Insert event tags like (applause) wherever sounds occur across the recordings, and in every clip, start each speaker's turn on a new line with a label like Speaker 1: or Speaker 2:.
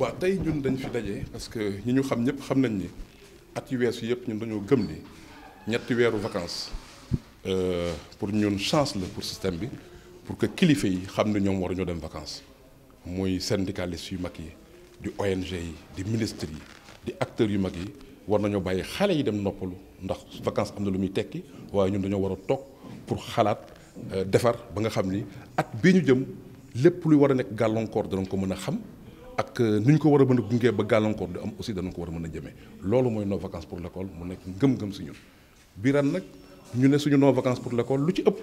Speaker 1: waaw tey ñun dañ fi daje parce que ñi ñu xam ñëpp xam nañ ni at yu weesu yëpp ñun dañoo gëm ni ñetti weeru vacances euh, pour ñun chance la pour système bi pour que kilifa yi xam ne ñoom waruñoo dem vacances muy syndicalistes yu mag yi di ONG yi di ministres di acteurs yu mag war nañu bàyyi xalé yi dem noppalu ndax vacances am na lu muy tekki waaye ñun dañu wara tok pour xalaat euh, defar ba nga xam ni at biñu jëm lepp lu wara nek nekk gàllankoor dañ ko mëna xam. ak euh, nuñ ko wara mëna gungé ba gàllankoor du am aussi dañ ko wara mëna jëmé loolu moy no vacances pour l'école mu nek ngëm-ngëm suñu ñun biiran nag ñu né suñu no vacances pour l'école lu ci ëpp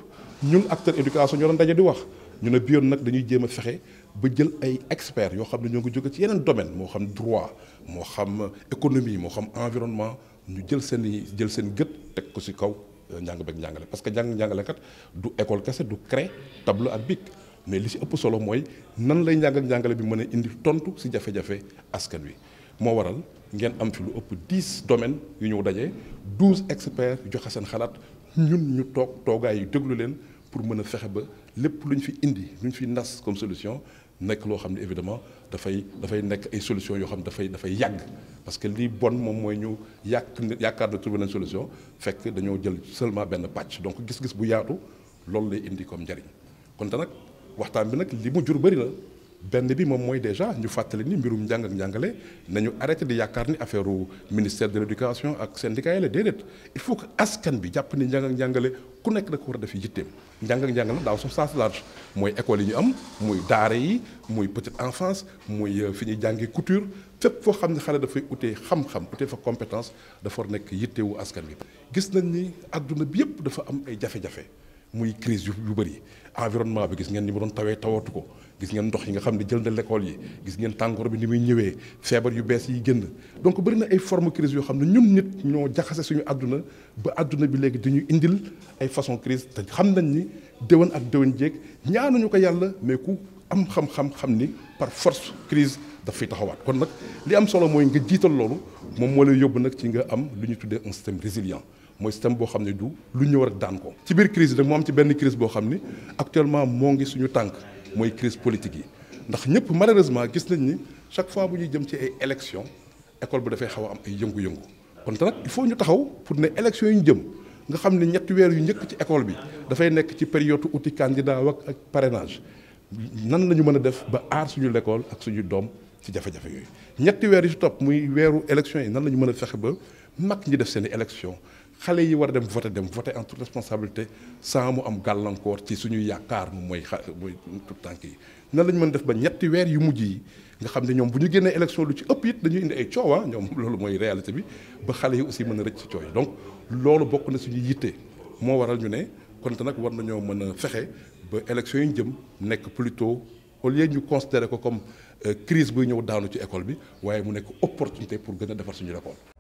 Speaker 1: ñun acteur éducation ñu ron dajé di wax ñu né biir nak dañuy jëma a ba jël ay experts yo xamni ne ñoo ngi jogé ci yenen domaine mo xam droit mo xam euh, économie mo xam environnement ñu jël seen jël seen gëtt tek ko ci kaw euh, njàng beeg njàngale parce que njàng kat du école kese du créer tableau ak BIC mais li ci ëpp solo mooy nan lay njàngal njàngale bi mën a indi tontu ci jafe-jafe askan wi moo waral ngeen am fi lu ëpp 10 domaines yu ñu dajee 12 experts joxe seen xalaat ñun ñu toog toogaay yu déglu leen pour mën a fexe ba lépp luñ fi indi lu ñu fi nas comme solution nekk loo xam ne évidemment dafay dafay nekk ay solution yoo xam ne dafay dafay yàgg parce que li bon moom mooy ñu yàq yaakaar na trouver nañ solution fekk dañoo jël seulement benn pàcc donc gis-gis bu yaatu loolu lay indi comme njariñ kon nag waxtaan bi nag li mu jur bëri la benn bi moom mooy déjà ñu fàttali ni mbirum njàng ak njàngale nañu arrêté di yaakaar ni affaire ministère de l'éducation ak syndicat yi la déedéet il faut que askan bi jàpp ni njàng ak njàngale ku nekk da ko war a def yitteem njàng ak njàngale daaw suñu sens large mooy école yi ñu am muy daara yi muy petite enfance muy euh, fi ñuy jàngi couture fépp foo xam ne xale dafay utee xam-xam utee fa compétence dafa war nekk yittewu askan bi gis nañ ni adduna bi yëpp dafa am ay jafe-jafe muy crise yu yu de environnement bi gis ngeen ni mu doon tawee tawatu ko gis ngeen ndox yi nga xam ne na l'école yi gis ngeen bi ni muy yu donc na ay forme crise ñun nit indil façon crise mais ku am xam-xam xam ni par force crise daf kon li am solo mooy nga jiital loolu moom lay am un système résilient mooy système bo xamné du lu ñu war daan ko. ci bir crise nag mo am ci benn crise bo xamné actuellement mo ngi suñu tank moy crise politique yi ndax ñëpp malheureusement gis nañ ni chaque fois bu ñuy jëm ci ay élections école bu dafay xaw am ay yëngu-yëngu kon nak il faut ñu taxaw pour né élections yi ñu jëm nga xamné ne wër yu ñëk ci école bi dafay nekk ci période outil candidat ak parrainage nan lañu mëna def ba ar suñu l'école ak suñu dom ci jafé jafé yoy ñetti wër yu top muy wëru élections yi nan lañu mëna mën ba mak ñi def seen i élections xalé yi war dem voté dem voter en toute responsabilité sans mu am gàllankoor ci suñu yaakaar moom mooy xa tout tànk yi nan lañ mën def ba ñetti wër yu mujj yi nga xamné ñom buñu bu élection lu ci ëpp yi dañu indi ay coow ah, ñom lolu (laughs) moy réalité bi ba xalé yi aussi mëna a rëcc ci coow donc lolu bokku na suñu yitte mo waral ñu ne konte nak war nañu mëna fexé ba élection yi jëm nek plutôt au lieu ñu considérer ko comme euh, crise bu ñëw daanu ci école bi waye mu nek opportunité pour gëna défar suñu école.